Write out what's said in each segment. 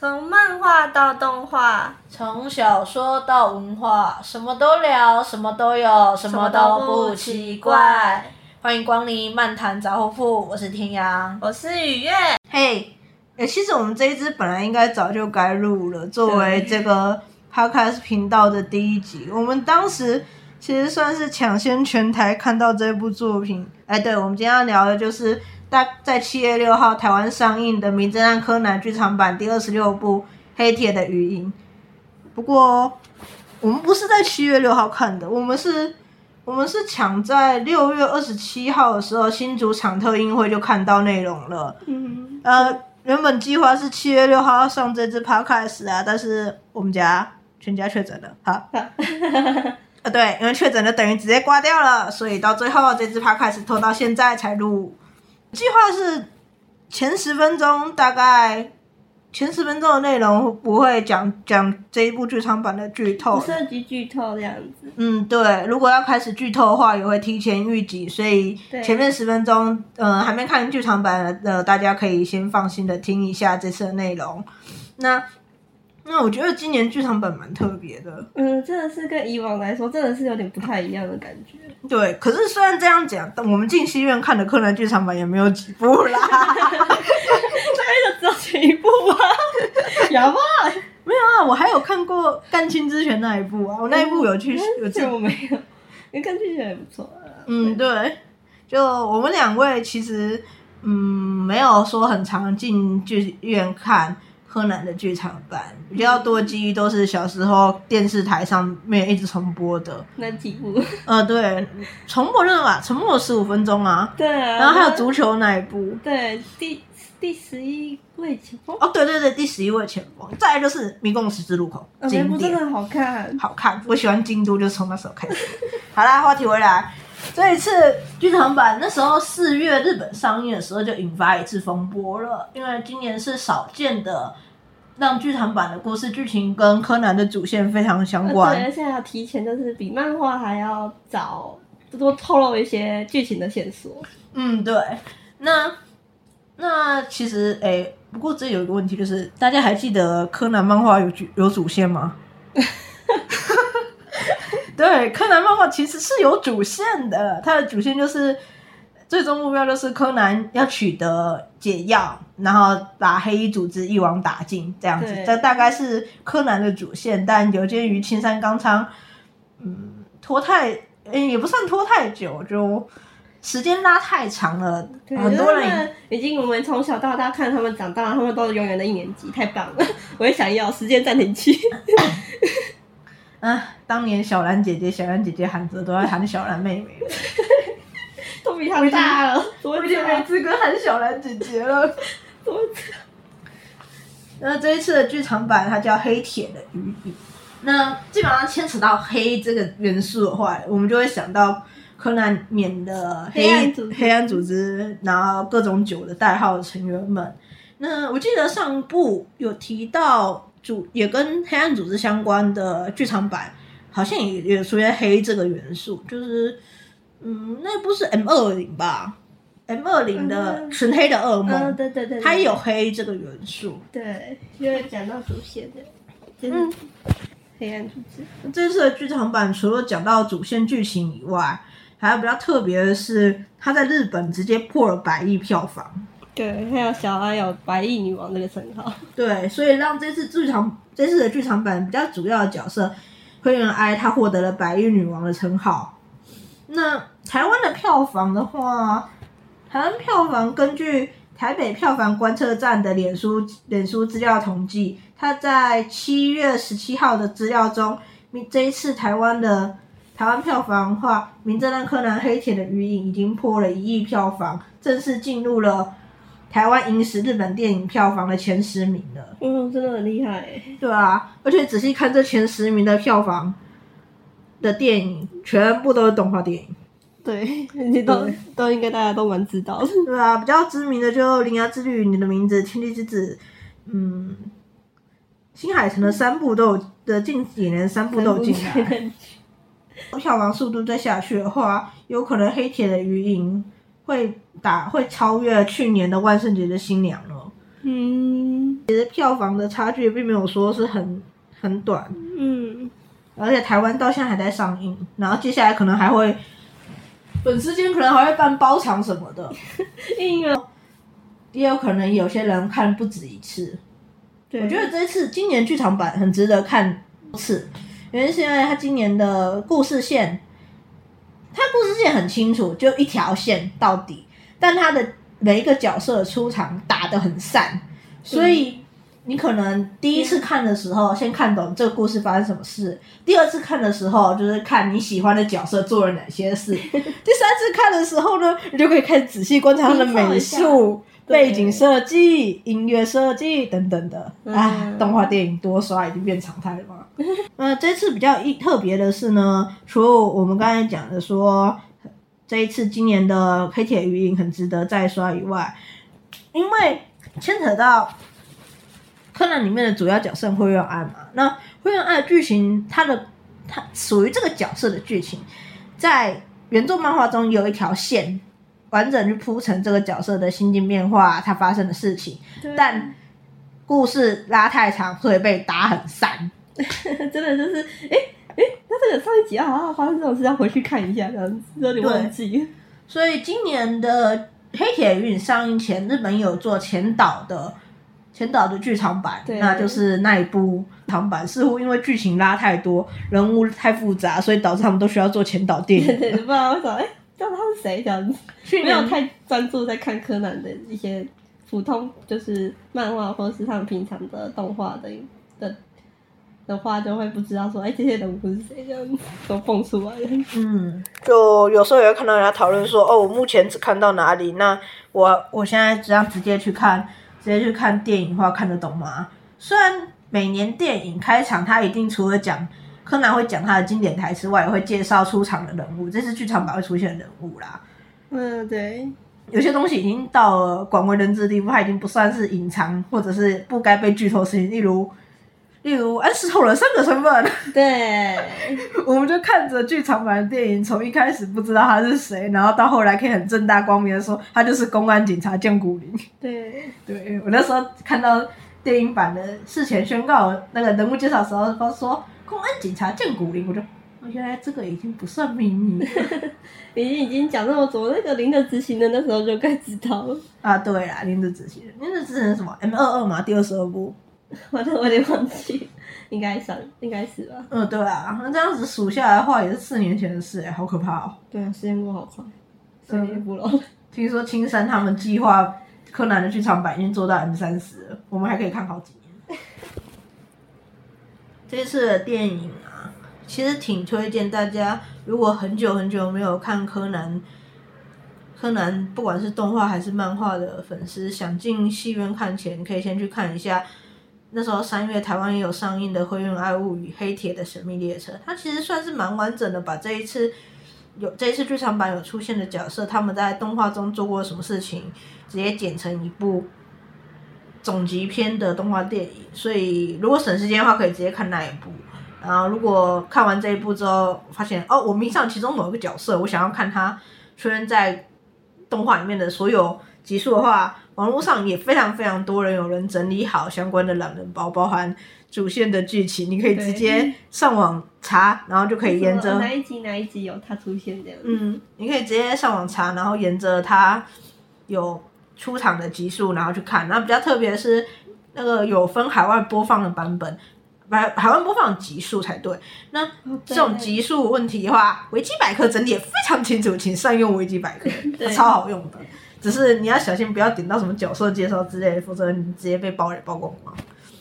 從漫畫到動畫，從小說到文化，什麼都聊，什麼都有，什麼都不奇怪。奇怪，歡迎光臨漫談雜貨鋪，我是天陽，我是羽月。嘿、hey, 欸，其實我們這一支本來應該早就該錄了，作為這個 podcast 頻道的第一集，我們當時其實算是搶先全台看到這部作品。哎、欸，對，我們今天要聊的就是。在在七月六號台灣上映的《名偵探柯南》劇場版第二十六部《黑鐵的魚影》，不過我們不是在七月六號看的，我們是我們是搶在六月二十七號的時候新竹場特映會就看到內容了。嗯，呃，原本計劃是七月六號要上這支 podcast 啊，但是我們家全家確診了，好啊 對，因為確診了等於直接掛掉了，所以到最後這支 podcast 拖到現在才錄。計劃是前十分鐘，大概前十分鐘的內容不會講講這一部劇場版的劇透，不涉及劇透這樣子。嗯，對，如果要開始劇透的話，也會提前預警，所以前面十分鐘，嗯、呃，還沒看劇場版的、呃，大家可以先放心的聽一下這次的內容。那。那我覺得今年劇場版蠻特別的，嗯，真的是跟以往來說，真的是有點不太一樣的感覺。對，可是雖然這樣講，但我們進戲院看的柯南劇場版也沒有幾部啦，哈哈哈哈哈，真的只有幾部嗎？有 嗎、欸？沒有啊，我還有看過紺青之拳那一部啊、嗯，我那一部有去，有去，我沒有，你紺青之拳也不錯、啊、嗯，對，就我們兩位其實，嗯，沒有說很常進劇院看。柯南的劇場版比較多，記憶都是小時候電視台上面一直重播的那幾部。呃，對，重播就是嘛，重播十五分鐘啊。對啊。然後還有足球那一部。對，第第十一位前鋒。哦，對對對，第十一位前鋒。再來就是迷宮十字路口，哦、那部真的好看。好看，我喜歡京都就是從那時候開始。 好啦，話題回來。這一次劇場版那時候四月日本上映的時候就引發一次風波了，因為今年是少見的讓劇場版的故事劇情跟柯南的主線非常相關。啊、對，現在要提前就是比漫畫還要早，多透露一些劇情的線索。嗯，對。那那其實誒，不過這裡有一個問題，就是大家還記得柯南漫畫有有主線嗎？ 對，柯南漫畫其實是有主線的，它的主線就是最終目標就是柯南要取得解藥，然後把黑衣組織一網打盡這樣子，這大概是柯南的主線。但有鑑於青山剛昌，嗯，拖太，嗯、欸，也不算拖太久，就時間拉太長了。很多人已經，已經我們從小到大看他們長大，他們都是永遠的一年級，太棒了！我也想要時間暫停器。 嗯、啊，當年小蘭姐姐，小蘭姐姐喊着都要喊小蘭妹妹，都比她大了，我已經沒資格喊小蘭姐姐了，我 靠。那這一次的劇場版，它叫《黑鐵的魚影》。那基本上牽扯到黑這個元素的話，我們就會想到柯南免的黑黑暗，黑暗組織，然後各種酒的代號的成員們。那我記得上部有提到，也跟黑暗組織相關的劇場版，好像也也出現黑這個元素，就是，嗯，那不是 M 二零吧，M 二零的純黑的噩夢，嗯嗯嗯、對,對,對對對，它也有黑這個元素，對，因為講到主線的，嗯、就是，黑暗組織。嗯、這次的劇場版除了講到主線劇情以外，還有比較特別的是，它在日本直接破了百億票房。對，還有小哀有“白衣女王”這個稱號。對，所以讓這次劇場這次的劇場版比較主要的角色灰原哀，她獲得了“白衣女王”的稱號。那台灣的票房的話，台灣票房根據台北票房觀測站的臉書臉書資料統計，它在七月十七號的資料中，這一次台灣的台灣票房的話，《名偵探柯南：黑鐵的魚影》已經破了一億票房，正式進入了。台灣影史日本電影票房的前十名的。嗯，真的很厲害欸。對啊，而且仔細看這前十名的票房的電影，全部都是動畫電影。對，你都都應該大家都蠻知道。對啊，比較知名的就《鈴芽之旅》、《你的名字》、《天氣之子》，嗯，《新海誠》的三部都有的近幾年三部都進了。票房速度再下去的話，有可能黑鐵《黑鐵的魚影》。會打會超越去年的萬聖節的新娘哦。嗯，其實票房的差距並沒有說是很很短，嗯，而且台灣到現在還在上映，然後接下來可能還會粉絲間可能還會辦包場什麼的，也 有，也有可能有些人看不止一次對。我覺得這次今年劇場版很值得看多次，原因是因為它今年的故事線。它故事線很清楚，就一條線到底，但它的每一個角色出場打得很散，所以你可能第一次看的時候先看懂這個故事發生什麼事，第二次看的時候就是看你喜歡的角色做了哪些事， 第三次看的時候呢，你就可以開始仔細觀察他的美術、背景設計、音樂設計等等的。啊、嗯，動畫電影多刷已經變常態了。那、 呃、這次比較一特別的是呢，除了我們剛才講的說，這一次今年的黑鐵魚影很值得再刷以外，因為牽扯到《柯南》裡面的主要角色灰原哀嘛，那灰原哀的劇情，它的它屬於這個角色的劇情，在原作漫畫中有一條線，完整去鋪陳這個角色的心境變化，它發生的事情，但故事拉太長，會被打很散。 真的就是，哎、欸、哎、欸，那這個上一集啊好好發生這種事要回去看一下，這樣子，這裡忘記。所以今年的《黑鐵的魚影》上映前，日本有做前導的前導的劇場版對，那就是那一部長版，似乎因為劇情拉太多，人物太複雜，所以導致他們都需要做前導電影對對對。不知道然我找哎，知、欸、道他是誰？這樣子沒有太專注在看柯南的一些普通，就是漫畫或者是他們平常的動畫的的。的的話就會不知道說，哎、欸，這些人物是誰，這樣都蹦出來。嗯，就有時候也會看到人家討論說，哦，我目前只看到哪裡，那我我現在只要直接去看，直接去看電影的話看得懂嗎？雖然每年電影開場，他一定除了講柯南會講他的經典台詞外，也會介紹出場的人物，這是劇場版會出現的人物啦。嗯，對，有些東西已經到了廣為人知的地步，它已經不算是隱藏或者是不該被劇透的事情，例如。例如安室透了三個身份，對， 我們就看着劇場版的電影，從一開始不知道他是誰，然後到後來可以很正大光明的說他就是公安警察降谷零。對，對我那時候看到電影版的事前宣告那個人物介紹時候他說公安警察降谷零，我就、哦、原來這個已經不算秘密， 已經已經講那麼多，那個零的執行人那時候就該知道了啊，對啦，零的執行人，零的執行人是什麼 M 二二嘛，第二十二部。我正我得忘記，應該三，應該是吧。嗯，對啊，那這樣子數下來的話，也是四年前的事哎，好可怕哦、喔。對啊，時間過得好快，時間不饒人。聽說青山他們計劃柯南的劇場版已經做到 M30 了，我們還可以看好幾年。這次的電影啊，其實挺推薦大家，如果很久很久沒有看柯南，柯南不管是動畫還是漫畫的粉絲，想進戲院看前，可以先去看一下。那時候三月，台灣也有上映的《灰原哀物語》《黑鐵的神秘列車》。它其實算是蠻完整的，把這一次有這一次劇場版有出現的角色，他們在動畫中做過什麼事情，直接剪成一部總集篇的動畫電影。所以如果省時間的話，可以直接看那一部。然後如果看完這一部之後，發現哦，我迷上其中某一個角色，我想要看他出現在動畫裡面的所有集數的話，網絡上也非常非常多人，有人整理好相關的懶人包，包含主線的劇情，你可以直接上網查，然後就可以沿着哪一集哪一集有它出現這樣。嗯，你可以直接上網查，然後沿着它有出場的集數，然後去看。那比較特別是那個有分海外播放的版本，不，海外播放集數才對。那這種集數問題的話，維基百科整理也非常清楚，請善用維基百科，它超好用的。只是你要小心，不要點到什麼角色介紹之類的，否則你直接被暴雷曝光了、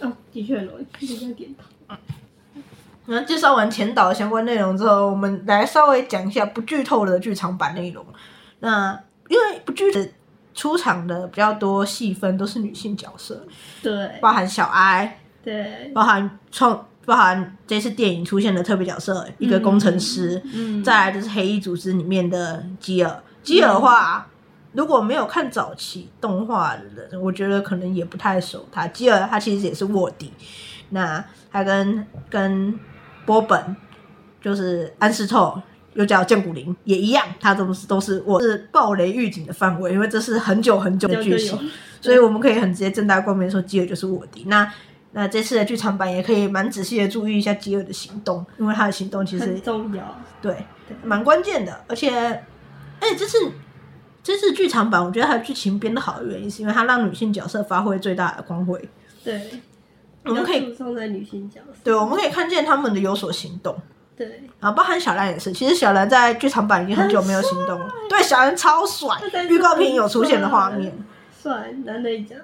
哦點頭。嗯，的確容易，不要點到。那介紹完前導的相關內容之後，我們來稍微講一下不劇透的劇場版內容。那因為不劇的出場的比較多，戲份都是女性角色。對，包含小哀。對，包含創，包含這次電影出現的特別角色、嗯，一個工程師嗯。嗯，再來就是黑衣組織裡面的基爾，基爾的話。如果沒有看早期動畫的人，我覺得可能也不太熟他。他吉爾，他其實也是臥底。那他跟跟波本，就是安室透，又叫降谷零，也一樣。他都是都是我是暴雷預警的範圍，因為這是很久很久的劇情，所以我們可以很直接正大光明說吉爾就是臥底。那那這次的劇場版也可以蠻仔細的注意一下吉爾的行動，因為他的行動其實很重要，對，蠻關鍵的。而且，哎、欸，這次。其實劇場版我覺得它劇情編的好的原因，是因為它讓女性角色發揮最大的光輝。對，我們可以放在女性角色。對，我們可以看見他們的有所行動。對，然、啊、包含小蘭也是。其實小蘭在劇場版已經很久沒有行動了。對，小蘭超帥，預 告片有出現的畫面。帥，難得一見。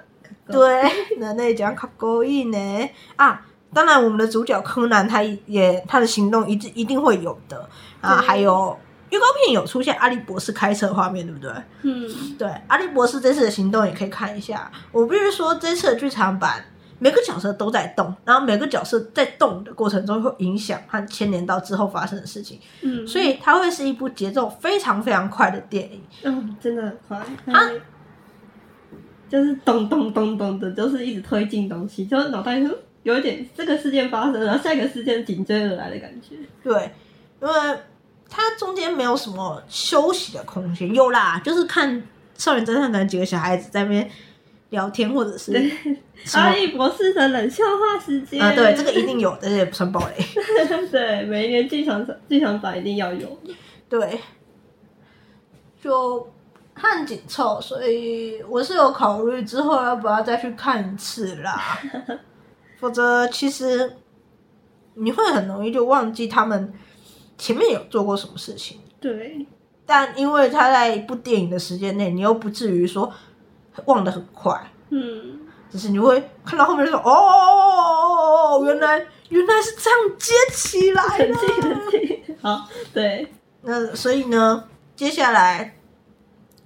對，難得一見，夠勾引呢。啊，當然我們的主角柯南他也他的行動一一定會有的。啊，還有。預告片有出現阿笠博士開車畫面，對不對？嗯，對。阿笠博士這次的行動也可以看一下。我必須說，這次的劇場版每個角色都在動，然後每個角色在動的過程中會影響和牽連到之後發生的事情。嗯，所以它會是一部節奏非常非常快的電影。嗯，真的很快。啊，就是咚咚咚咚、咚的，就是一直推進東西，就腦、是、袋有一點這個事件發生了，然後下一個事件緊追而來的感覺。對，因、嗯、為。它中間沒有什麼休息的空間，有啦，就是看《少年偵探團》幾個小孩子在那邊聊天，或者是《阿笠博士的冷笑話時間》嗯。啊，對，這個一定有， 但是也不算暴雷。對，每年劇場場劇場版一定要有。對，就看緊湊，所以我是有考慮之後要不要再去看一次啦， 否則其實你會很容易就忘記他們。前面有做過什麼事情？對，但因為他在一部電影的時間內，你又不至於說忘得很快，嗯，只是你會看到後面說，哦，原來原來是這樣接起來的。很近很近。好，對，那所以呢，接下來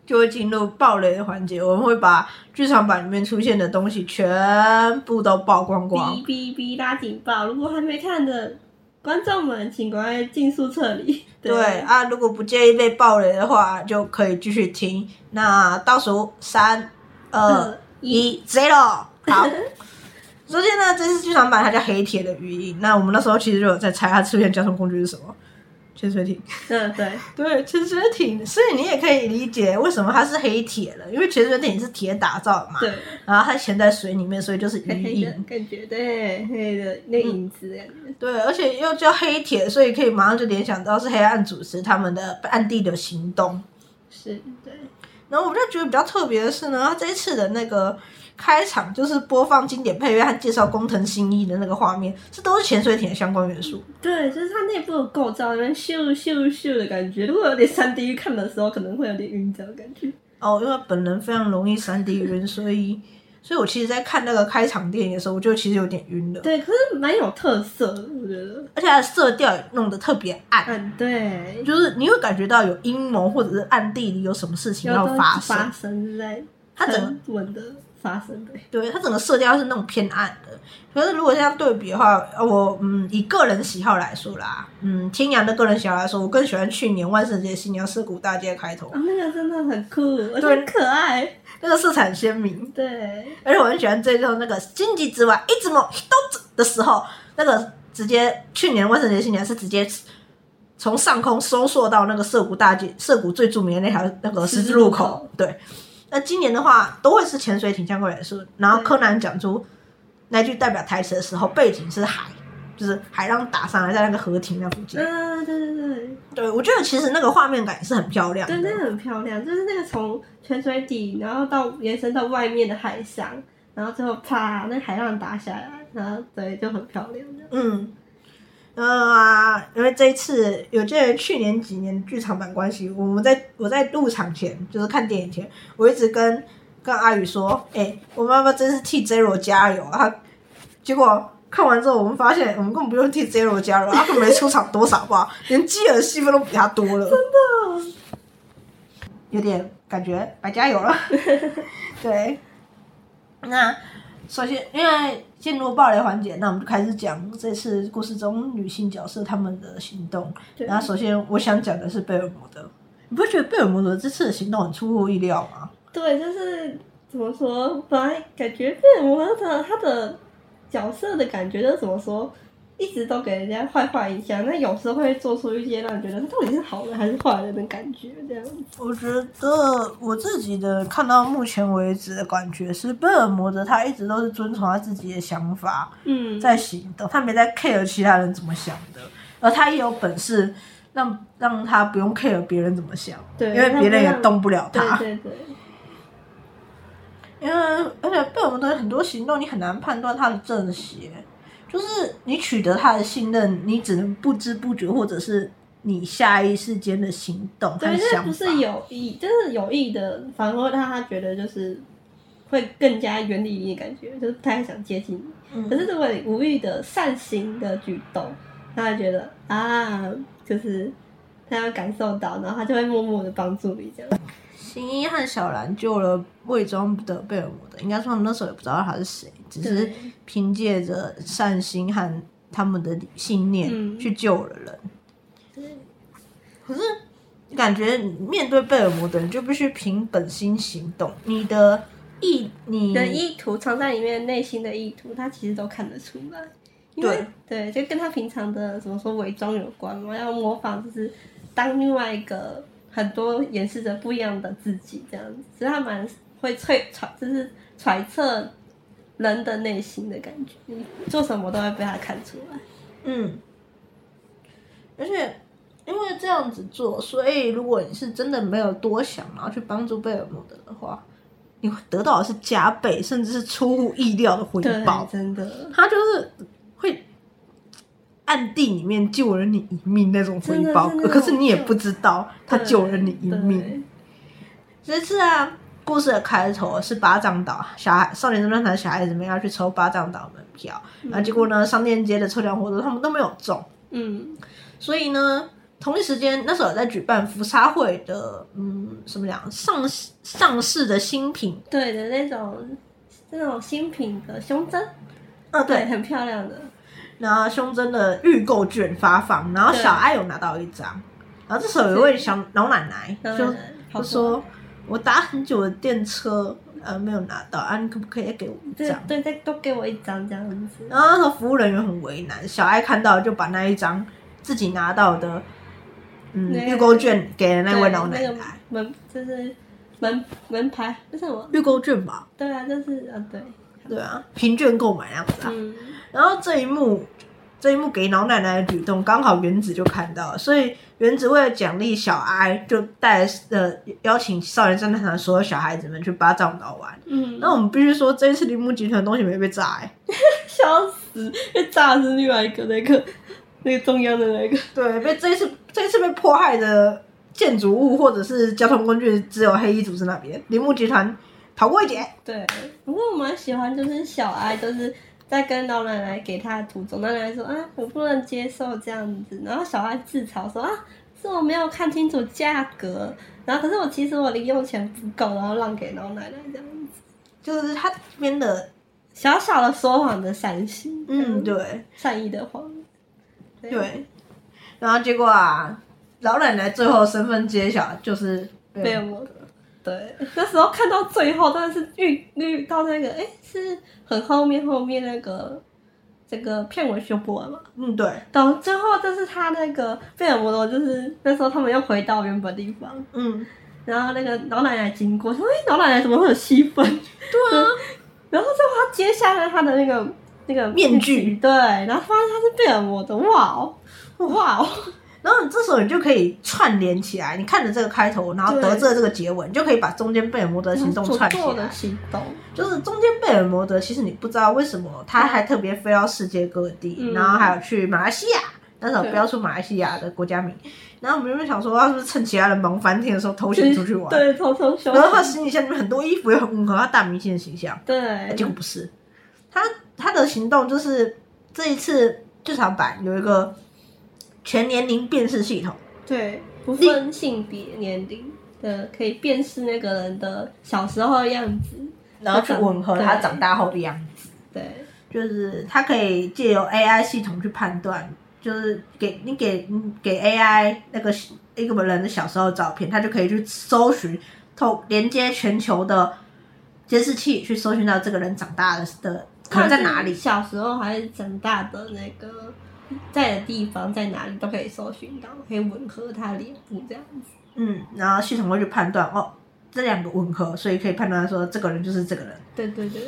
就會進入暴雷的環節，我們會把劇場版裡面出現的東西全部都曝光光。嗶嗶嗶，拉警報！如果還沒看的。觀眾們，請趕快迅速撤離！對，對啊，如果不介意被爆雷的話，就可以繼續聽。那倒數三、二、嗯、一，zero。好，首 先呢，這次劇場版它叫《黑鐵的魚影》。那我們那時候其實就有在猜它出現的交通工具是什麼？潛水艇，嗯對對潛水艇， 所以你也可以理解為什麼它是黑鐵了，因為潛水艇是鐵打造的嘛，對，然後它潛在水裡面，所以就是魚影 感覺對，黑的那影子、嗯、對，而且又叫黑鐵，所以可以馬上就聯想到是黑暗組織他們的暗地的行動，是對。然後我們就覺得比較特別的是呢，他這一次的那個。開場就是播放經典配樂和介紹工藤新一的那個畫面，這都是潛水艇的相關元素。嗯、對，就是它內部的構造咻，有點咻咻咻的感覺。如果有點三 D 看的時候，可能會有點暈焦感覺。哦、oh,，因為本人非常容易三 D 暈， 所以，所以我其實在看那個開場電影的時候，我就其實有點暈的。對，可是蠻有特色的，我覺得。而且它的色調也弄得特別暗。嗯，對，就是你會感覺到有陰謀，或者是暗地裡有什麼事情要發生，發生之類。它怎麼穩的。生對它整個色調是那種偏暗的。可是如果這樣對比的話，我嗯以個人喜好來說啦，嗯，天陽的個人喜好來說，我更喜歡去年萬聖節新娘澀谷大街開頭，哦、那個真的很酷，對我很可愛，那個色彩很鮮明，對，而且我很喜歡最後那個星際之外一直猛咚子的時候，那個直接去年萬聖節新娘是直接從上空收縮到那個澀谷大街，澀谷最著名的那條那個十字路口，路口對。那今年的話，都會是潛水艇相關的書。然後柯南講出那句代表台詞的時候，背景是海，就是海浪打上來，在那個河亭那附近。嗯、啊，對對對，對我覺得其實那個畫面感也是很漂亮的。對，那個、很漂亮，就是那個從潛水艇，然後到延伸到外面的海上，然後最後啪，那海浪打下來，然後對，就很漂亮。嗯。嗯啊，因為這一次有鑒於去年幾年劇場版關係，我們在我在入場前就是看電影前，我一直跟跟阿羽說，哎、欸，我媽媽真是替 Zero 加油啊。結果看完之後，我們發現我們根本不用替 Zero 加油，啊，他沒出場多少吧， 連基爾戲份都比他多了，真的，有點感覺白加油了。 對，那。首先，因為進入暴雷環節，那我們就開始講這次故事中女性角色她們的行動。對。然後，首先我想講的是貝爾摩德。你不會覺得貝爾摩德這次的行動很出乎意料嗎？對，就是怎麼說，本來感覺貝爾摩德她的角色的感覺就是怎麼說？一直都給人家壞壞印象，那有時候會做出一些讓人覺得他到底是好人還是壞人的感覺，這樣。我覺得我自己的看到目前為止的感覺是貝爾摩德，他一直都是遵從他自己的想法。嗯。在行動，嗯，他沒在 care 其他人怎麼想的，而他也有本事讓讓他不用 care 別人怎麼想，對，因為別人也動不了他。對對，對，對。因為而且貝爾摩德很多行動，你很難判斷他的正邪。就是你取得他的信任，你只能不知不覺，或者是你下意識間的行動和想法。不是有意，就是有意的，反而會讓他覺得就是會更加遠離你，感覺就是不太想接近你。嗯、可是這種無意的善行的舉動，他會覺得啊，就是他要感受到，然後他就會默默的幫助你這樣。新一和小蘭救了偽裝的貝爾摩德，應該說那時候也不知道他是誰，只是憑借着善心和他們的信念去救了人。嗯、可是，可是感覺面對貝爾摩德，你就必須憑本心行動。你的意、你，你的意圖藏在裡面，內心的意圖，他其實都看得出來。因為，對，對，就跟他平常的怎麼說偽裝有關嘛，要模仿，就是當另外一個。很多掩飾着不一樣的自己，這樣子，其實他蠻會揣揣，就是揣測人的內心的感覺，你做什麼都會被他看出來。嗯，而且因為這樣子做，所以如果你是真的沒有多想，然後去幫助貝爾摩德的話，你會得到的是加倍，甚至是出乎意料的回報。真的，他就是。暗地裡面救了你一命那種回報種，可是你也不知道他救了你一命。這次啊，故事的開頭是八丈島小孩，少年偵探團的小孩子們要去抽八丈島的門票，嗯，啊，結果呢，商店街的抽獎活動他們都沒有中。嗯，所以呢，同一時間那時候在舉辦福沙會的，嗯，什麼兩上上市的新品，對的，那種那種新品的胸針，啊，對，對很漂亮的。拿胸針的預購券發放，然後小哀有拿到一張，然後這時候有一位小老奶奶她說我搭很久的電車，呃、啊，沒有拿到，啊，你可不可以再給我一張？對再多給我一張這樣子。然後服務人員很為難，小哀看到就把那一張自己拿到的，嗯，預購券給了那位老奶奶。那個、門就是門門牌這是我，預購券吧。對啊，就是啊，對。對啊，憑券購買那樣子啊。啊、嗯。然後這一幕。這一幕給老奶奶的舉動，剛好園子就看到了，所以園子為了獎勵小哀就，就帶呃邀請少年偵探團所有小孩子們去八丈島玩。嗯，那我們必須說，這一次鈴木集團的東西沒被炸，欸、笑死！被炸死另外一個那個那個重要、那個、的那個，對，被這一次這一次被迫害的建築物或者是交通工具，只有黑衣組織那邊，鈴木集團逃過一劫。對，不過我蠻喜歡，就是小哀，就是。在跟老奶奶給他的途中，老奶奶說：“啊，我不能接受這樣子。”然後小孩自嘲說：“啊，是我沒有看清楚價格。”然後可是我其實我零用錢不夠，然後讓給老奶奶這樣子，就是他編的小小的說謊的善心，嗯，對，善意的謊，對。然後結果啊，老奶奶最後身份揭曉，就是被我對，那時候看到最後，但是遇遇到那個，哎、欸，是很後面後面那個這個片尾修播完嘛。嗯，對。到最後，這是他那個貝爾摩德，就是那時候他們又回到原本地方。嗯。然後那個老奶奶經過，說：“哎、欸，老奶奶，怎麼會有戲份？’對、啊就是、然後最後他揭下了他的那個那個面具，對，然後發現他是貝爾摩德，哇哦，哇哦。然後你這時候你就可以串聯起來，你看着這個開頭，然後得知了這個結尾，你就可以把中間貝爾摩德行動串起來。行動就是中間貝爾摩德其實你不知道為什麼他還特別飛到世界各地、嗯，然後還有去馬來西亞，但是不標出馬來西亞的國家名，嗯、然後我們就會想說他是不是趁其他人忙翻天的時候偷閒出去玩？對，偷偷。然後他行李箱裡面很多衣服也很，有，符合他大明星的形象。對，結果不是，他他的行動就是這一次劇場版有一個。全年齡辨識系統，對，不分性別、年齡的，可以辨識那個人的小時候的樣子，然後，然後去吻合他長大後的樣子。對，對就是他可以借由 AI 系統去判斷，就是給你給你給 AI 那個一個人的小時候照片，他就可以去搜尋，透，連接全球的監視器去搜尋到這個人長大的，可能在哪裡？小時候還是長大的那個？在的地方在哪裡都可以搜尋到，可以吻合他臉部這樣子。嗯，然後系統會就判斷哦，這兩個吻合，所以可以判斷說這個人就是這個人。對對對。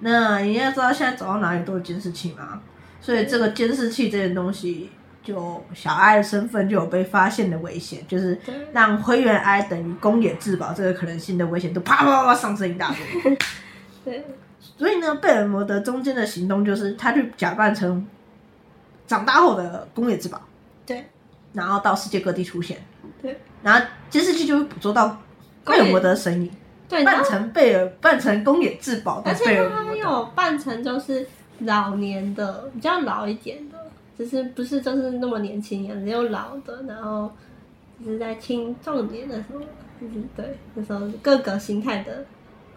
那你家知道，現在走到哪裡都有監視器嘛，所以這個監視器這件東西，就小 I 的身份就有被發現的危險，就是讓灰原哀等於公野自保這個可能性的危險都啪，啪啪啪上升一大步。 對。所以呢，貝爾摩德中間的行動就是他去假扮成。長大後的宮野志保。對，然後到世界各地出現，對，然後電視劇就會捕捉到貝爾摩德的身影，對，扮成貝爾，扮成宮野志保，但是他還有扮成就是老年的，比較老一點的，只、就是不是就是那麼年輕，也有老的，然後就是在青壯年的時候，就是對那時候各個形態的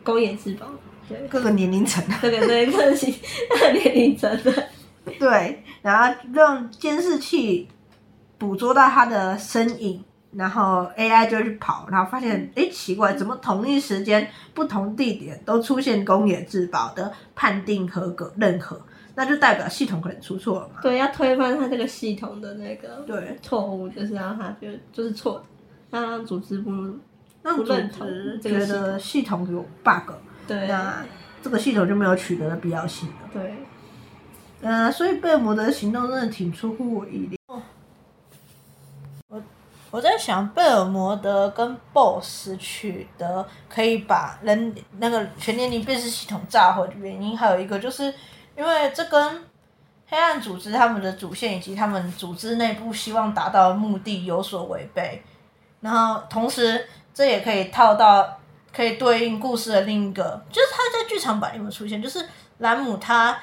宮野志保，對各個年齡層，對對各個各個年齡層的。 對，然後讓監視器捕捉到他的身影，然後 AI 就去跑，然後發現，哎，奇怪，怎麼同一時間、嗯、不同地點都出現工業自保的判定合格認可？那就代表系統可能出錯了嘛？對，要推翻他這個系統的那個錯誤，對就是讓他就就是錯的，讓組織不那組不認同，覺得系統有 bug，對，那這個系統就沒有取得的必要性了，對。嗯，所以貝爾摩德的行動真的挺出乎我意料。我我在想貝爾摩德跟 BOSS 取得可以把人那個全年齡辨識系統炸毀的原因，還有一個就是因為這跟黑暗組織他們的主線以及他們組織內部希望達到的目的有所違背。然後同時這也可以套到可以對應故事的另一個，就是他在劇場版有沒有出現？就是蘭姆他。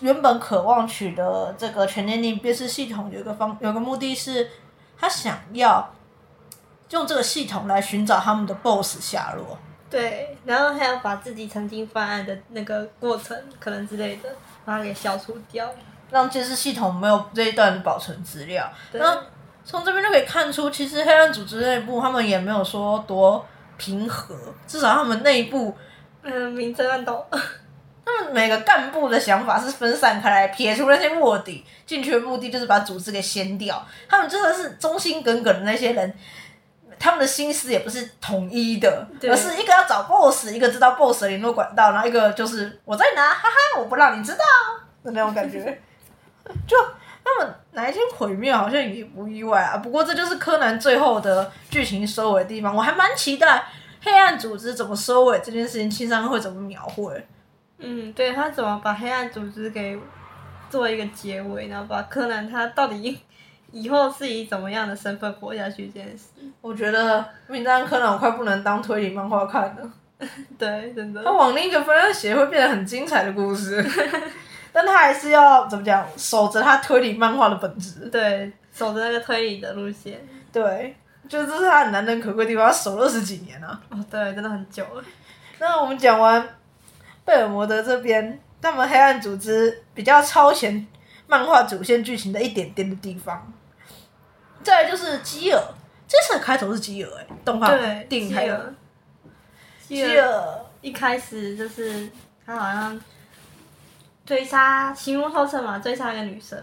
原本渴望取得這個全年齡辨識系統，有一個方，有個目的是他想要用這個系統來尋找他們的 BOSS 下落。對，然後還要把自己曾經犯案的那個過程，可能之類的，把它給消除掉，讓監視系統沒有這一段保存資料。對，然後從這邊就可以看出，其實黑暗組織內部他們也沒有說多平和，至少他們內部嗯明爭暗鬥。他們每個幹部的想法是分散開來，撇除那些臥底進去的目的就是把組織給掀掉。他們真的是忠心耿耿的那些人，他們的心思也不是統一的，而是一個要找 boss，一個知道 boss 的聯絡管道，然後一個就是我在哪，哈哈，我不讓你知道的 那種感覺。就他們哪一天毀滅，好像也不意外啊。不過這就是柯南最後的劇情收尾地方，我還蠻期待黑暗組織怎麼收尾這件事情，青山會怎麼描繪。嗯，對，他怎麼把黑暗組織給做一個結尾，然後把柯南他到底以後是以怎麼樣的身份活下去這件事？我覺得名偵探柯南我快不能當推理漫畫看了。 對，真的。他往另一個方向寫會變得很精彩的故事。 但他還是要怎麼講？守着他推理漫畫的本質。對，守着那個推理的路線。 對，就是、這是他很難能可貴的地方，他守了十幾年了、啊，哦，對，真的很久了。那我們講完。貝爾摩德這邊，他們黑暗組織比較超前漫畫主線劇情的一點點的地方。再來就是基爾，這次開頭是基爾誒，動畫定還有基爾一開始就是他好像追殺形目後撤嘛，追殺一個女生。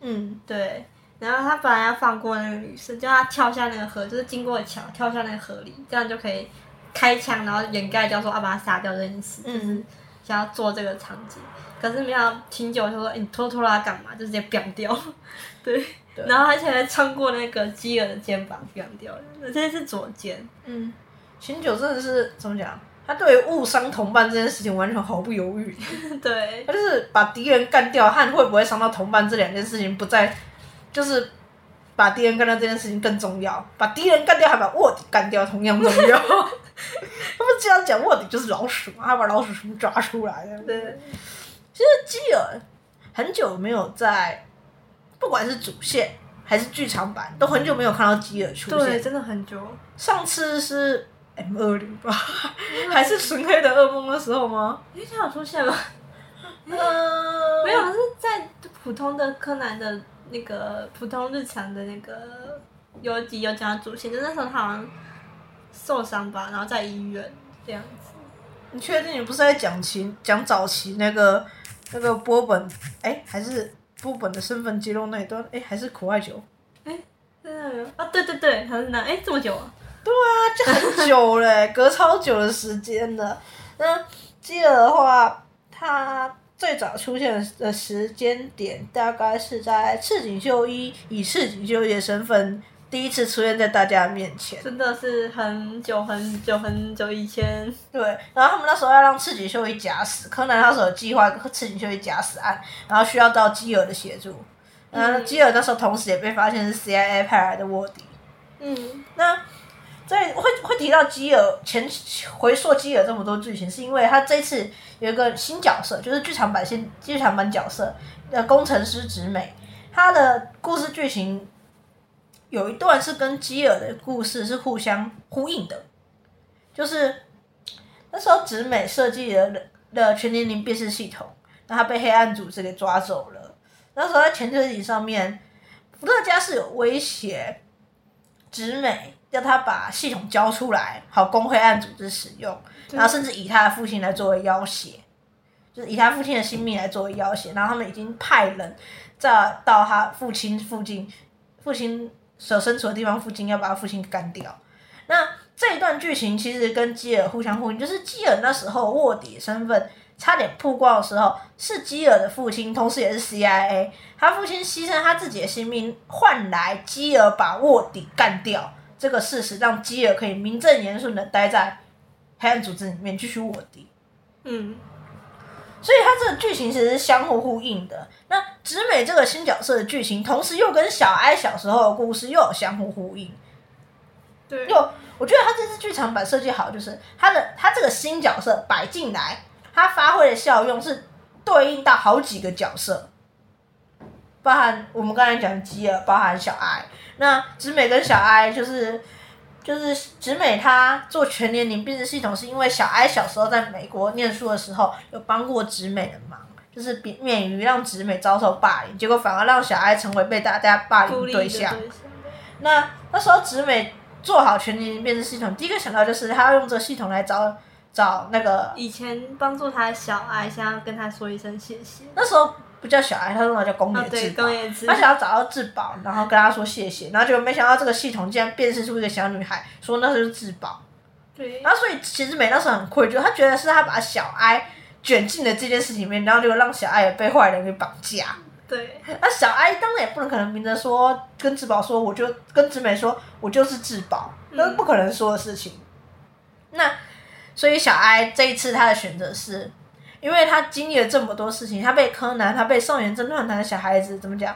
嗯，對。然後他本來要放過那個女生，叫她跳下那個河，就是經過的橋跳下那個河裡，這樣就可以開槍，然後掩蓋掉說要把她殺掉這件事。嗯。就是想要做這個場景，可是沒想到琴酒就說：“你、欸、拖拖拉拉幹嘛？就直接爆掉。對”對，然後他現在穿過那個基爾的肩膀爆掉了，那這是左肩。嗯，琴酒真的是怎麼講？他對於誤傷同伴這件事情完全毫不猶豫。對，他就是把敵人幹掉和會不會傷到同伴這兩件事情不再，就是把敵人幹掉這件事情更重要，把敵人幹掉還把臥底幹掉同樣重要。 講臥底就是老鼠嘛，還把老鼠什麼抓出來的。對。其實基爾很久沒有在，不管是主線還是劇場版，都很久沒有看到基爾出現。對，真的很久。上次是 M 二零吧，還是純黑的噩夢的時候嗎？以前有出現嗎？嗯，沒有，還是在普通的柯南的那個普通日常的那個有幾有講主線，就是那時候他好像受傷吧，然後在醫院。這樣子，你確定你不是在講晴講早期那個那個波本哎、欸、還是波本的身份記錄那一段哎，還是苦艾酒哎，在那個啊、哦、對對對還是那哎、欸、這麼久啊，對啊，就很久嘞 隔超久的時間了，那基爾的話，他最早出現的時間點大概是在赤井秀一，以赤井秀一的身份。第一次出現在大家面前，真的是很久很久很久以前。 對，然後他們那時候要讓赤井秀一假死，柯南那時候有計劃赤井秀一假死案，然後需要到基爾的協助。然後基爾那時候同時也被發現是 CIA 派來的臥底。嗯。那，所以會會提到基爾前回溯基爾這麼多劇情，是因為他這次有一個新角色，就是劇場版新劇場版角色，呃，工程師直美，他的故事劇情。有一段是跟基爾的故事是互相呼應的，就是那時候直美設計了的全年齡辨識系統，然後他被黑暗組織給抓走了。那時候在前車齡上面，伏特加是有威脅，直美要他把系統交出來，好供黑暗組織使用，然後甚至以他的父親來作為要挾，就是以他父親的性命來作為要挾。然後他們已經派人在到他父親附近，父親。所身處的地方父親要把他父親幹掉。那這一段劇情其實跟基爾互相呼應，就是基爾那時候臥底身份差點曝光的時候，是基爾的父親，同時也是 CIA。他父親犧牲他自己的性命，換來基爾把臥底幹掉這個事實，讓基爾可以名正言順的待在黑暗組織裡面繼續臥底。嗯。所以它這個劇情其實是相互呼應的。那直美這個新角色的劇情，同時又跟小哀小時候的故事又有相互呼應。對，又我覺得他這次劇場版設計好，就是他的他這個新角色擺進來，他發揮的效用是對應到好幾個角色，包含我們剛才講吉爾，包含小哀。那直美跟小哀就是。就是直美，她做全年齡辨識系統，是因為小哀小時候在美國念書的時候，有幫過直美的忙，就是免免於讓直美遭受霸凌，結果反而讓小哀成為被大家霸凌對象。對象，那那時候直美做好全年齡辨識系統，第一個想到就是她要用這系統來找找那個以前幫助他的小哀，想要跟他說一聲謝謝。那時候。不叫小 I，他用的叫公業智他想要找到智寶，然後跟他說謝謝，嗯、然後結果沒想到這個系統竟然變識出一個小女孩，說那是智寶。對。然後所以其實美當時很愧疚，他覺得是他把小 I 卷進了這件事裡面，然後就讓小愛也被壞人給綁架。對。那小 I 當然也不能可能明着說跟志寶說，我就跟直美說，我就是智寶，那是不可能說的事情。嗯、那所以小 I 這一次他的選擇是。因為他經歷了這麼多事情，他被柯南，他被少年偵亂談的小孩子怎麼講？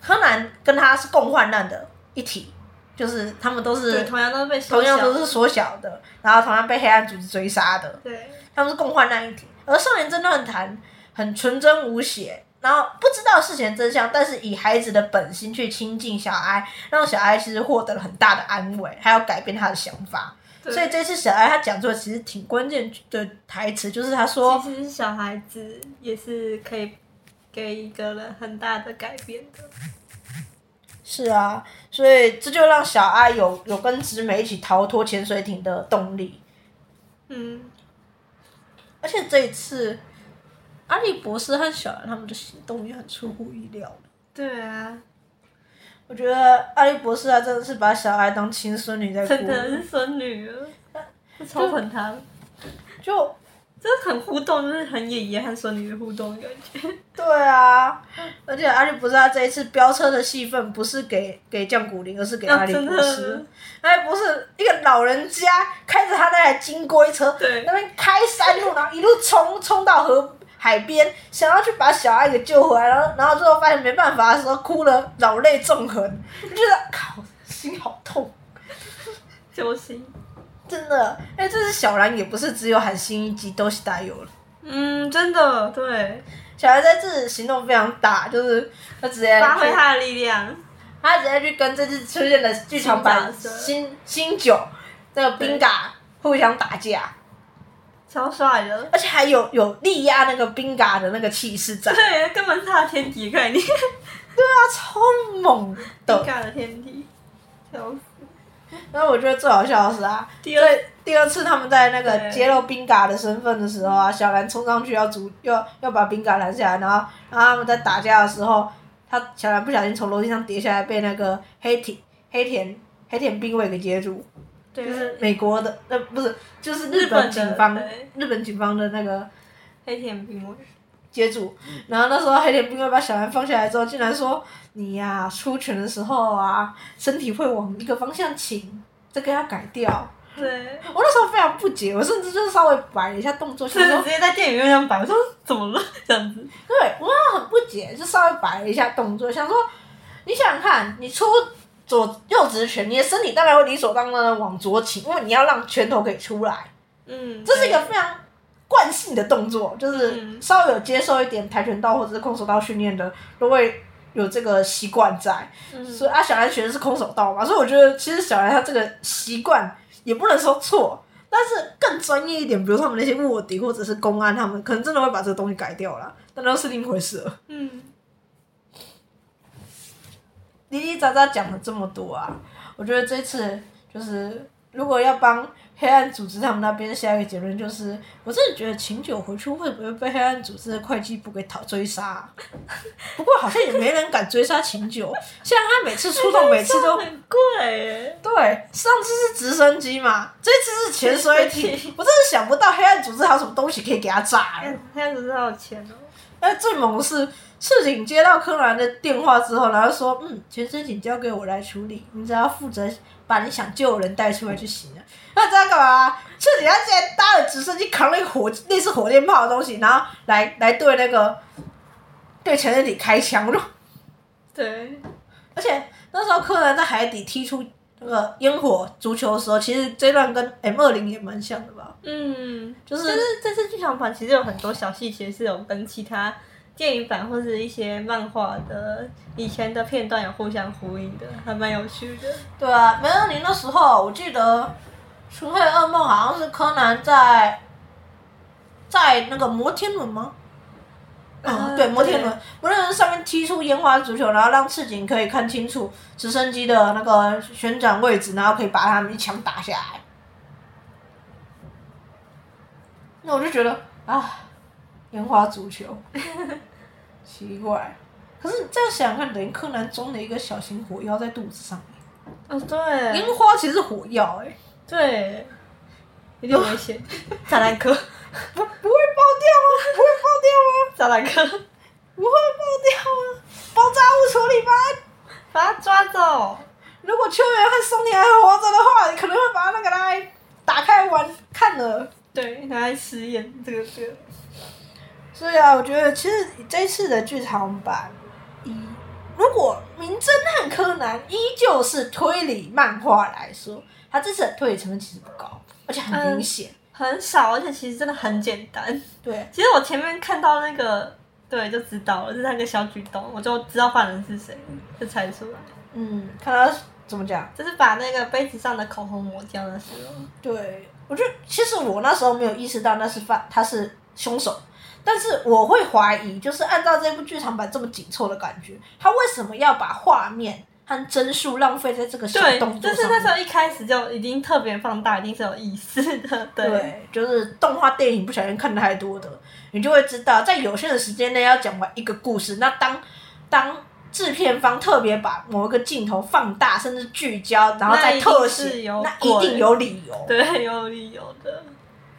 柯南跟他是共患難的一體，就是他們都是同樣都被同樣都是縮小，小，小的，然後同樣被黑暗組織追殺的。對，他們是共患難一體。而少年偵亂談很純真無邪，然後不知道事情的真相，但是以孩子的本心去親近小 I，讓小 I 其實獲得了很大的安慰，還要改變他的想法。所以這次小愛他講出其實挺關鍵的台詞，就是他說：“其實小孩子也是可以給一個人很大的改變的。”是啊，所以這就讓小愛有有跟直美一起逃脫潛水艇的動力。嗯。而且這一次，阿笠博士和小愛他們的行動也很出乎意料。對啊。我覺得阿笠博士他、啊、真的是把小哀當親孫女在。真的是孫女，超捧他。就，真的很互動， 就是很爺爺和孫女的互動的感覺。對啊，而且阿笠博士他、啊、這一次飆車的戲份不是給給降谷零，而是給阿笠博士。啊、真的真的真的阿笠博士 一個老人家開着他那台金龜車，對那邊開山路，然後一路衝衝到河。海邊想要去把小哀給救回來，然後然後最後發現沒辦法的時候，哭了，老淚縱橫，就覺、是、得、啊、靠，心好痛，揪心， 真的。哎，這次小蘭也不是只有喊新一集都是帶有了，嗯，真的，對，小蘭這次行動非常大，就是他直接發揮他的力量，他直接去跟這次出現的劇場版新新酒這個冰嘎互相打架。超帥的，而且還有有力壓那個冰嘎的那個氣勢在。對，根本是他的天敵概你看 對啊，超猛的。冰嘎的天敵，笑死。然後我覺得最好笑的是啊，第二第二次他們在那個揭露冰嘎的身份的時候啊，小蘭衝上去要阻要要把冰嘎攔下來，然後然後他們在打架的時候，他小蘭不小心從樓梯上跌下來，被那個黑鐵、黑田黑田兵衛給接住。就是美國的，呃、嗯，不是就是日本的日本警方，日本警方的那個黑田兵衛。接住，然後那時候黑田兵衛又把小蘭放下來之後，竟然說：“你呀、啊，出拳的時候啊，身體會往一個方向傾，這個要改掉。”對。我那時候非常不解，我甚至就是稍微擺了一下動作，就是直接在電影上擺，我說怎麼了這樣子？對，我那很不解，就稍微擺了一下動作，想說，你想想看，你出。左右直拳，你的身體大概會理所當然的往左傾，因為你要讓拳頭可以出來。嗯，這是一個非常慣性的動作、嗯，就是稍微有接受一點跆拳道或者是空手道訓練的，都會有這個習慣在、嗯。所以啊，小蘭學的是空手道嘛，所以我覺得其實小蘭他這個習慣也不能說錯，但是更專業一點，比如說他們那些臥底或者是公安，他們可能真的會把這個東西改掉了，那都是，是另一回事了。嗯。嘰嘰喳喳講了這麼多啊！我覺得這次就是，如果要幫黑暗組織他們那邊下一個結論，就是，我真的覺得琴酒回去會不會被黑暗組織的會計部給討追殺、啊？ 不過好像也沒人敢追殺琴酒， 像他每次出動，每次都很貴耶。對，上次是直升機嘛，這次是潛水艇， 我真的想不到黑暗組織還有什麼東西可以給他炸黑。黑暗組織還有錢哦。但最猛的是。赤井接到柯南的電話之後，然後說：“嗯，潛水艇交給我來處理，你只要負責把你想救的人帶出來就行了。那這啊”那樣幹嘛？赤井他竟然搭了直升機，扛了一個火類似火箭炮的東西，然後來來對那個對潛水艇開槍了。對，而且那時候柯南在海底踢出那個煙火足球的時候，其實這段跟 M 二零也蠻像的吧？嗯，就是，但是這次劇場版其實有很多小細節是有跟其他。電影版或者一些漫畫的以前的片段有互相呼應的，還蠻有趣的。對啊，沒有你那時候，我記得《純黑噩夢》好像是柯南在在那個摩天輪嗎？嗯、啊呃，對，摩天輪，摩天輪上面踢出煙花足球，然後讓赤井可以看清楚直升機的那個旋轉位置，然後可以把他們一槍打下來。那我就覺得啊，煙花足球。 奇怪，可是這樣想看，等於柯南裝了一個小型火藥在肚子上面。嗯、哦，對。煙花其實是火藥，哎。對。有點危險，哦、 炸彈哥。不不會爆掉嗎？不會爆掉嗎？炸彈哥。不會爆掉啊！爆炸物處理班，把他抓走。如果秋元和松田還活着的話，你可能會把他那個來打開玩看了。對，拿來實驗這個事。對啊，我覺得其實這次的劇場版，一如果名偵探柯南依舊是推理漫畫來說，他這次推理成分其實不高，而且很明顯、嗯，很少，而且其實真的很簡單。對，其實我前面看到那個，對，就知道了，是那個小舉動，我就知道犯人是誰，就猜出來。嗯，看他怎麼講，就是把那個杯子上的口紅抹掉的時候。對，我覺得其實我那時候沒有意識到那是犯，他是兇手。但是我會懷疑，就是按照這部劇場版這麼緊湊的感覺，他為什麼要把畫面和幀數浪費在這個小動作上？對，就是那時候一開始就已經特別放大，一定是有意思的。對，對就是動畫電影不小心看太多的，你就會知道，在有限的時間內要講完一個故事。那當當制片方特別把某一個鏡頭放大，甚至聚焦，然後再特寫那有，那一定有理由。對，有理由的。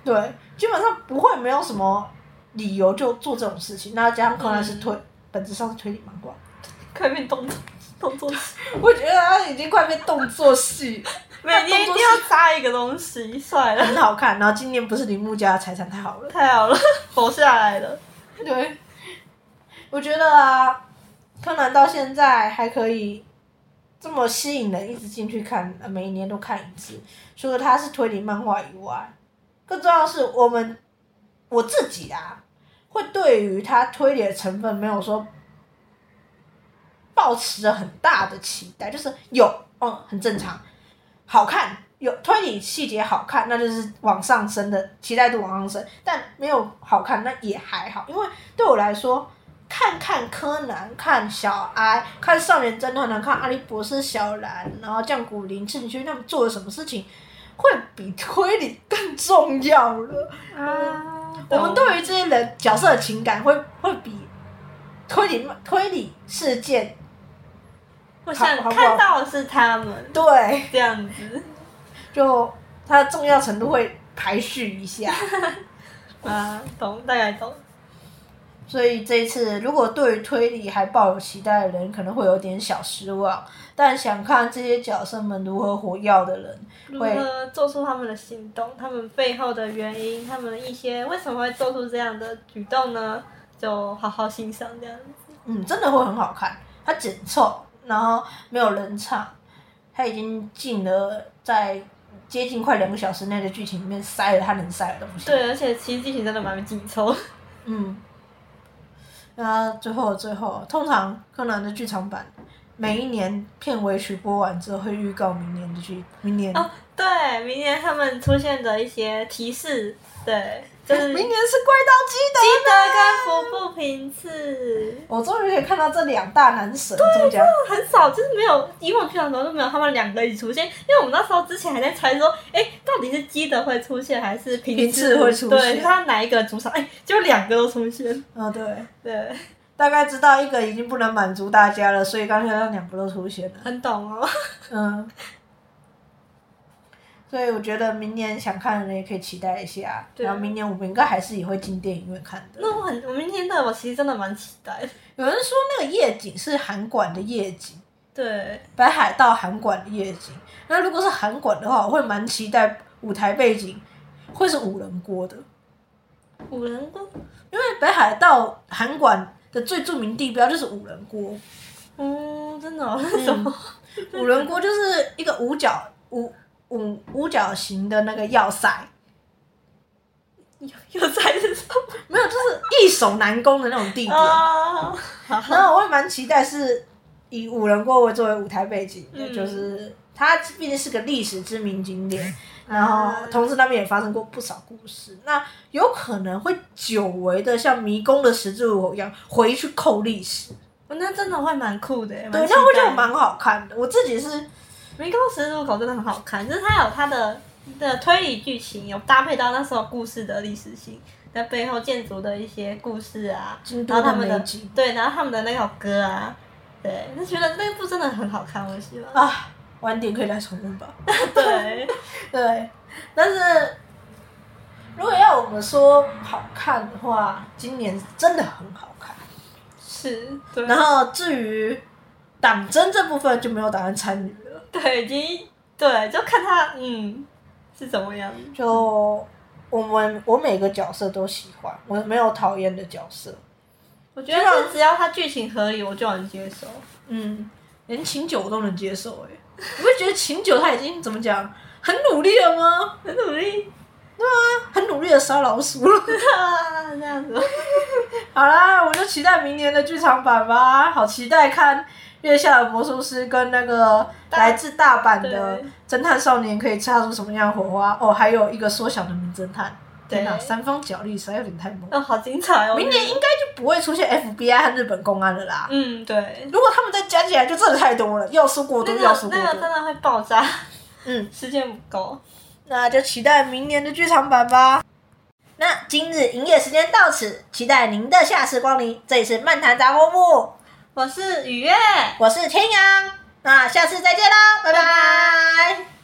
對，基本上不會沒有什麼。理由就做這種事情，那加上柯南是推，嗯、本質上是推理漫畫，快變動作，動作戲， 我覺得他已經快被動作戲，每年一定要扎一個東西，帥了，很好看。然後今年不是鈴木家的財產太好了，太好了，活下來了。 對，我覺得啊，柯南到現在還可以這麼吸引人，一直進去看，每一年都看一次。除了他是推理漫畫以外，更重要的是我們。我自己啊，會對於它推理的成分沒有說，抱持着很大的期待，就是有，嗯，很正常。好看，有推理細節好看，那就是往上升的期待度往上升。但沒有好看，那也還好，因為對我來說，看看柯南、看小哀、看少年偵探團、看阿笠、啊、博士、小蘭，然後降谷零正軒他們做了什麼事情，會比推理更重要了啊。我們對於這些人角色的情感會會比推理推理事件，我想看到的是他們，對這樣子，就它的重要程度會排序一下 啊，懂，大概懂。所以這一次如果對於推理還抱有期待的人可能會有點小失望，但想看這些角色們如何活躍，的人，如何做出他們的行動，他們背後的原因，他們一些為什麼會做出這樣的舉動呢？就好好欣賞這樣子。嗯，真的會很好看，它緊湊，然後沒有人唱，他已經進了在接近快兩個小時內的劇情裡面塞了他能塞的東西。對，而且其實劇情真的蠻緊湊。 嗯。那、啊、最後最後，通常柯南的劇場版每一年片尾曲播完之後會預告明年的劇。明年。哦，對，明年他們出現的一些提示。對，就是明年是怪盜基德跟服部平次。我終於可以看到這兩大男神。對啊，很少就是沒有，因為平常時候都沒有他們兩個一起出現。因為我們那時候之前還在猜說，哎、欸，到底是基德會出現還是平次會出現？對，他哪一個主場？哎、欸，就兩個都出現。啊、嗯，對對，大概知道一個已經不能滿足大家了，所以剛才那兩個都出現了。很懂哦。 嗯。所以我覺得明年想看的人也可以期待一下，然後明年我應該還是也會進電影院看的。那我很，我明天的我其實真的蠻期待。有人說那個夜景是函館的夜景。對。北海道函館的夜景，那如果是函館的話，我會蠻期待舞台背景會是五稜郭的。五稜郭，因為北海道函館的最著名地標就是五稜郭。嗯，真的什、哦、麼？嗯、 五稜郭就是一個五角五。五五角形的那個要塞。要要塞是什麼？沒有，就是易守難攻的那種地點。Oh, 然後我也蠻期待，是以五稜郭為作為舞台背景，嗯、就是它畢竟是個歷史知名景點，然後同時那邊也發生過不少故事。嗯、那有可能會久違的像迷宮的十字路口一樣，回去扣歷史。那真的會蠻酷的，的，對，那我覺得蠻好看的。我自己是。迷宮的十字路口真的很好看，就是它有它的的推理劇情，有搭配到那時候故事的歷史性，在背後建築的一些故事啊，然後他們的對，然後他們的那首歌啊，對，就覺得那部真的很好看，我喜歡。啊，晚點可以來重溫吧。對 對， 對 但是如果要我們說好看的話，今年真的很好看。是。然後，至於。黨爭這部分就沒有打算參與了。對，已經對，就看他，嗯是怎麼樣。就我們我每個角色都喜歡，我沒有討厭的角色。我覺得只要他劇情合理，我就能接受。嗯，連琴酒都能接受哎。 你會覺得琴酒他已經怎麼講很努力了嗎？很努力，對啊，很努力的殺老鼠了啊， 這樣子。 好啦，我就期待明年的劇場版吧，好期待看。月下的魔術師跟那個來自大阪的偵探少年可以擦出什麼樣的火花？哦，還有一個縮小的名偵探。天哪，三方角力實在有點太猛。哦，好精彩哦！明年應該就不會出現 FBI 和日本公安了啦。嗯，對。如果他們再加起來，就真的太多了。要素過多，那個，要素過多，那個，真的會爆炸。嗯， 時間不夠，那就期待明年的劇場版吧。那今日營業時間到此，期待您的下次光臨。這裡是漫談雜貨鋪。我是羽月，我是天陽，那下次再見嘍，拜拜。拜拜。